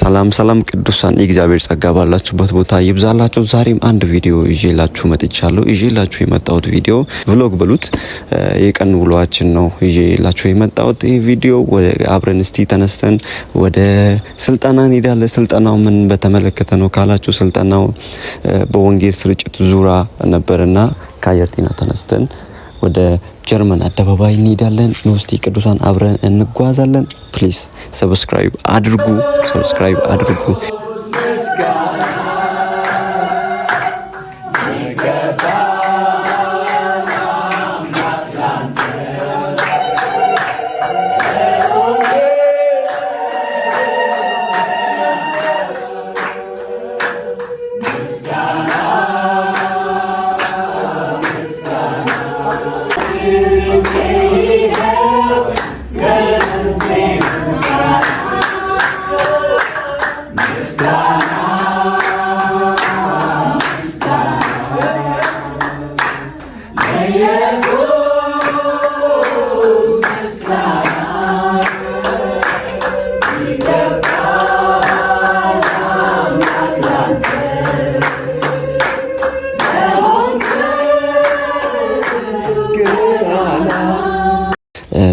ሰላም ሰላም ቅዱሳን የእግዚአብሔር ጸጋ ባላችሁበት ቦታ ይብዛላችሁ። ዛሬም አንድ ቪዲዮ ይዤላችሁ መጥቻለሁ። ይዤላችሁ የመጣሁት ቪዲዮ ቭሎግ ብሉት የቀን ውሏችን ነው ይዤላችሁ የመጣሁት ይህ ቪዲዮ አብረን እስቲ ተነስተን ወደ ስልጠና እንሄዳለን። ስልጠናው ምን በተመለከተ ነው ካላችሁ ስልጠናው በወንጌል ስርጭት ዙራ ነበርና ከአየር ጤና ተነስተን ወደ ጀርመን አደባባይ እንሄዳለን። ንውስቲ ቅዱሳን አብረን እንጓዛለን። ፕሊስ ሰብስክራይብ አድርጉ፣ ሰብስክራይብ አድርጉ።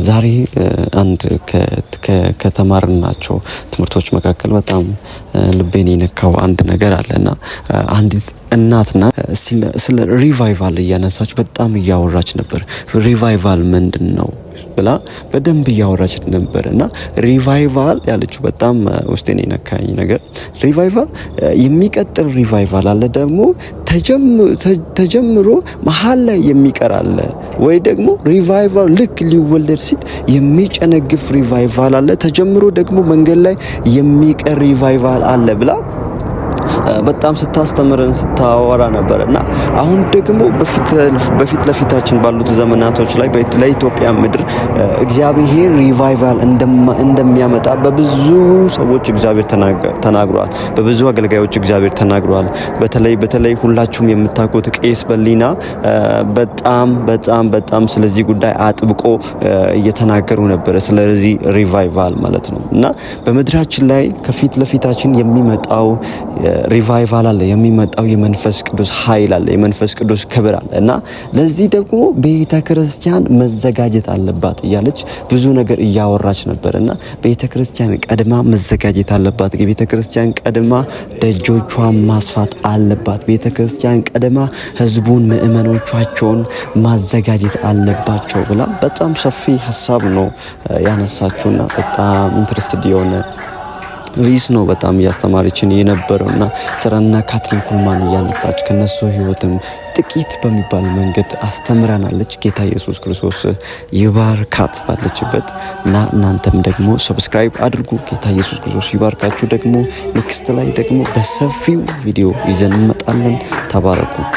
ዛሬ አንድ ከተማርናቸው ትምህርቶች መካከል በጣም ልቤን የነካው አንድ ነገር አለ እና አንዲት እናትና ስለ ሪቫይቫል እያነሳች በጣም እያወራች ነበር። ሪቫይቫል ምንድን ነው? ብላ በደንብ እያወራች ነበር እና ሪቫይቫል ያለችው በጣም ውስጤን የነካኝ ነገር ሪቫይቫል የሚቀጥል ሪቫይቫል አለ ደግሞ ተጀምሮ መሀል ላይ የሚቀር አለ ወይ ደግሞ ሪቫይቫል ልክ ሊወለድ ሲል የሚጨነግፍ ሪቫይቫል አለ ተጀምሮ ደግሞ መንገድ ላይ የሚቀር ሪቫይቫል አለ ብላ በጣም ስታስተምረን ስታወራ ነበር እና አሁን ደግሞ በፊት ለፊታችን ባሉት ዘመናቶች ላይ ለኢትዮጵያ ምድር እግዚአብሔር ሪቫይቫል እንደሚያመጣ በብዙ ሰዎች እግዚአብሔር ተናግሯል። በብዙ አገልጋዮች እግዚአብሔር ተናግሯል። በተለይ በተለይ ሁላችሁም የምታውቁት ቄስ በሊና በጣም በጣም በጣም ስለዚህ ጉዳይ አጥብቆ እየተናገሩ ነበረ፣ ስለዚህ ሪቫይቫል ማለት ነው እና በምድራችን ላይ ከፊት ለፊታችን የሚመጣው ሪቫይቫል አለ፣ የሚመጣው የመንፈስ ቅዱስ ኃይል አለ፣ የመንፈስ ቅዱስ ክብር አለ እና ለዚህ ደግሞ ቤተ ክርስቲያን መዘጋጀት አለባት እያለች ብዙ ነገር እያወራች ነበር እና ቤተ ክርስቲያን ቀድማ መዘጋጀት አለባት። ቤተ ክርስቲያን ቀድማ ደጆቿን ማስፋት አለባት። ቤተ ክርስቲያን ቀድማ ህዝቡን ምእመኖቿቸውን ማዘጋጀት አለባቸው ብላ በጣም ሰፊ ሀሳብ ነው ያነሳችሁና በጣም ኢንትረስትድ የሆነ ሪስ ነው በጣም እያስተማረችን የነበረው እና ስራና ካትሪን ኩልማን እያነሳች ከነሱ ህይወትም ጥቂት በሚባል መንገድ አስተምረናለች። ጌታ ኢየሱስ ክርስቶስ ይባርካት ባለችበት እና እናንተም ደግሞ ሰብስክራይብ አድርጉ። ጌታ ኢየሱስ ክርስቶስ ይባርካችሁ። ደግሞ ኔክስት ላይ ደግሞ በሰፊው ቪዲዮ ይዘን እንመጣለን። ተባረኩ።